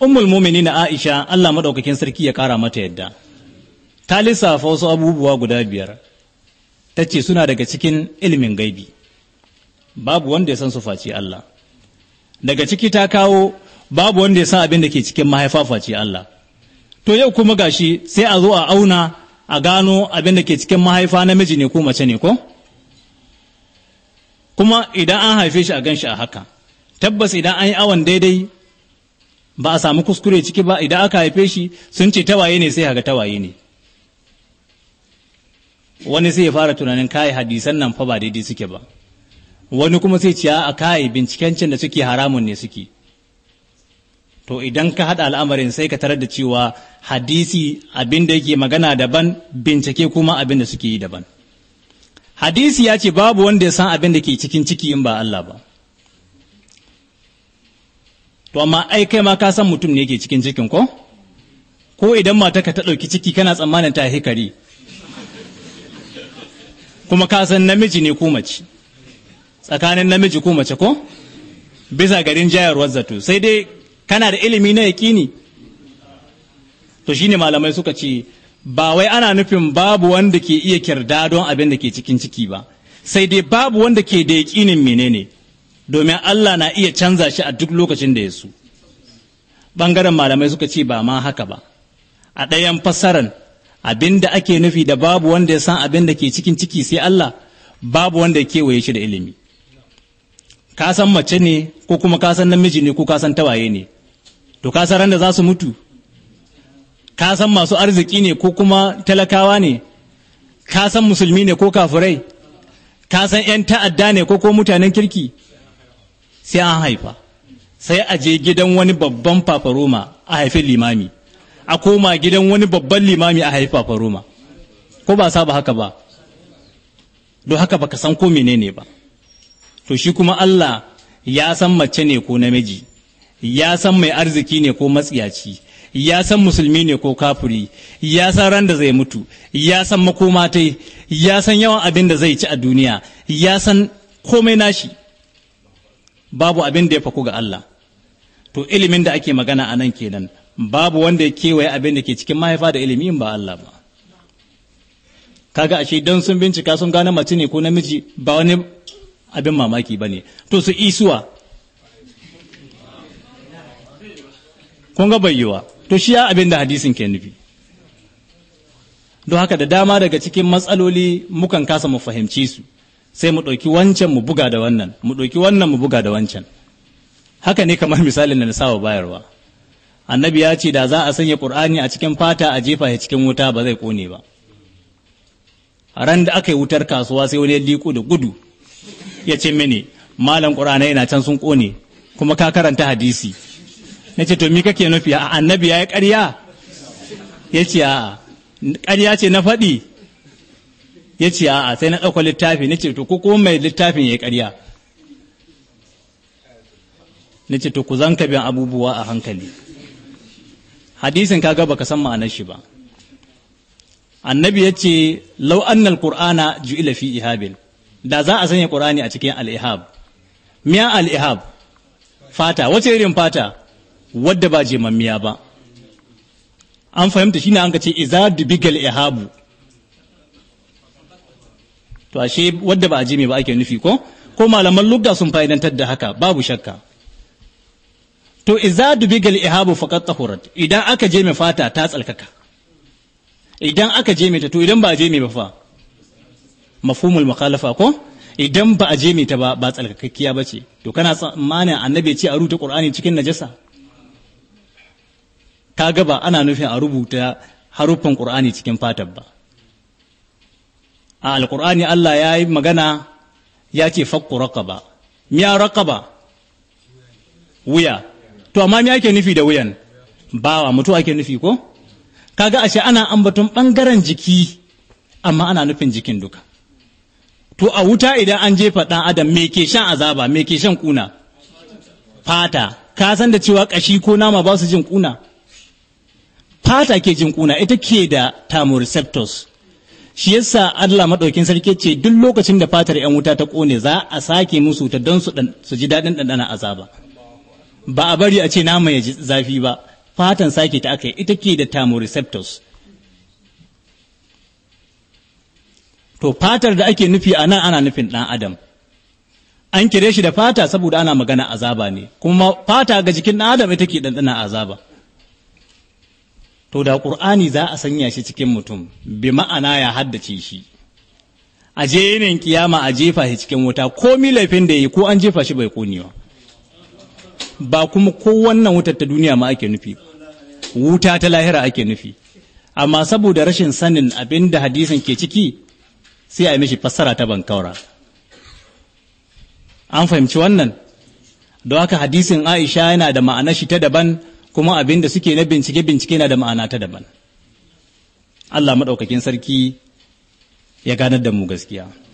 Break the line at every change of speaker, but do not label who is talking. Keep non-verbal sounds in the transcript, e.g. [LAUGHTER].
ummul mumini na aisha allah maɗaukakin sarki ya ƙara mata yadda ta lissafa wasu abubuwa guda biyar ta ce suna daga cikin ilimin gaibi babu wanda ya san su face allah daga ciki ta kawo babu wanda ya san abin da ke cikin mahaifa face allah to yau kuma gashi sai a zo a auna a gano abin da ke cikin mahaifa namiji ne ko mace ne ko kuma idan an haife shi a gan shi a haka tabbas idan an yi awon daidai ba a samu kuskure ciki ba idan aka haife shi sun ce tawaye ne sai haga tawaye ne wani sai ya fara tunanin kai hadisan nan fa ba daidai suke ba wani kuma sai ciya a kai binciken da suke haramun ne suke to idan ka haɗa al'amarin sai ka tarar da cewa hadisi abin da yake magana daban bincike kuma abin da suke yi daban hadisi ya ce babu wanda ya san abin da ke cikin ciki in ba Allah ba to amma ai kai ma ka san mutum ne ke cikin cikin ko ko idan ka ta ɗauki ciki kana tsammanin ta hikari kuma ka san namiji ne ko mace tsakanin namiji ko mace ko bisa garin jayarwar zato sai dai kana da ilimi na yaƙini to shine malamai suka ce ba wai ana nufin babu wanda ke iya kirda don abin da ke cikin ciki ba sai dai babu wanda ke da yaƙinin menene domin Allah na iya canza shi a duk lokacin da ya so Bangaren malamai suka ce ba ma haka ba a ɗayan fassaran abin da ake nufi da babu wanda ya san abin da ke cikin ciki sai Allah babu wanda ya kewaye shi da ilimi ka san mace ne ko kuma ka san namiji ne ko ka san tawaye ne to ka san da za su mutu ka san masu arziki ne ko kuma talakawa ne ka san musulmi ne ko kafurai, ka san 'yan ta'adda ne ko ko mutanen kirki sai an haifa sai a je gidan wani babban fafaroma a haifi limami a koma gidan wani babban limami a haifi fafaroma ko ba saba haka ba don haka baka san ko menene ba to shi kuma Allah ya san mace ne ko namiji ya san mai arziki ne ko matsiyaci ya san musulmi ne ko kafuri ya san ran da zai mutu ya san makomatai ya san yawan abin da zai ci a duniya ya san komai nashi babu abin da ya faku ga Allah to ilimin da ake magana a nan kenan babu wanda ya kewaye abin da ke cikin mahaifa da ilimin ba Allah ba kaga ashe don sun bincika sun gane mace ne ko namiji ba wani abin mamaki ba ne to su isuwa kun ga bayyuwa to shi ya abin da hadisin ke nufi don haka da dama daga cikin matsaloli mukan kasa mu fahimci su sai mu ɗauki wancan mu buga da wannan mu ɗauki wannan mu buga da wancan haka ne kamar [LAUGHS] misalin da na sawa bayarwa annabi ya ce da za a sanya ƙur'ani a cikin fata a jefa ya cikin wuta ba zai ƙone ba a ran da aka yi wutar kasuwa sai wani ya liƙo da gudu ya ce mini malam ƙur'ani yana can sun ƙone kuma ka karanta hadisi na ce to mi kake nufi a annabi ya yi ƙarya ya ce a ƙarya ce na faɗi ya ce a'a sai na ɗauka littafi na ce to ko kuma mai littafin ya karya na ce to ku zanka biyan abubuwa a hankali hadisin kaga baka san ma'anar shi ba annabi ya ce lau annal qur'ana ju'ila fi ihabil da za a sanya qur'ani a cikin al-ihab miya al-ihab fata wace irin fata wadda ba miya ba an fahimta shine an ka ce iza dubigal ihabu to ashe wadda ba a ji me ba ake nufi ko ko malaman lugda sun fa'idantar da haka babu shakka to iza dubigal ihabu faqat tahurat idan aka je mai fata ta tsalkaka idan aka je mai ta to idan ba a je mai ba fa mafhumul mukhalafa ko idan ba a je mai ta ba ba tsalkakakkiya bace to kana tsammanin annabi ce a rubuta qur'ani cikin najasa kaga ba ana nufin a rubuta haruffan qur'ani cikin fatar ba a alkur'ani Allah ya yi magana ya ce fakku raqaba miya raqaba wuya to amma miya ake nufi da wuyan bawa mutu ake nufi ko kaga ashe ana ambaton bangaren jiki amma ana nufin jikin duka to a wuta idan an jefa dan adam me ke shan azaba me ke shan kuna fata ka san da cewa ƙashi ko nama ba su jin kuna fata ke jin kuna ita ke da thermoreceptors shi yasa Allah madaukin sarki ce duk lokacin da fatar yan wuta ta kone za a sake musu ta don su su ji dadin dandana azaba ba a bari a ce na mai zafi ba fatan sake ta aka yi ita ke da thermoreceptors to fatar da ake nufi a nan ana nufin ɗan adam an kire shi da fata saboda ana magana azaba ne kuma fata ga jikin ɗan adam ita ke ɗanɗana azaba to da ƙur'ani za a sanya shi cikin mutum bi ma'ana ya haddace shi a je yinin kiyama a jefa shi cikin wuta ko laifin da ya yi ko an jefa shi bai kone ba kuma ko wannan wutar ta duniya ma ake nufi wuta ta lahira ake nufi amma saboda rashin sanin abin da hadisin ke ciki sai a yi mishi fassara ta bankaura an fahimci wannan don haka hadisin aisha yana da ma'ana shi ta daban kuma abin da suke na bincike bincike na da ma'ana ta daban Allah maɗaukakin sarki ya ganar da mu gaskiya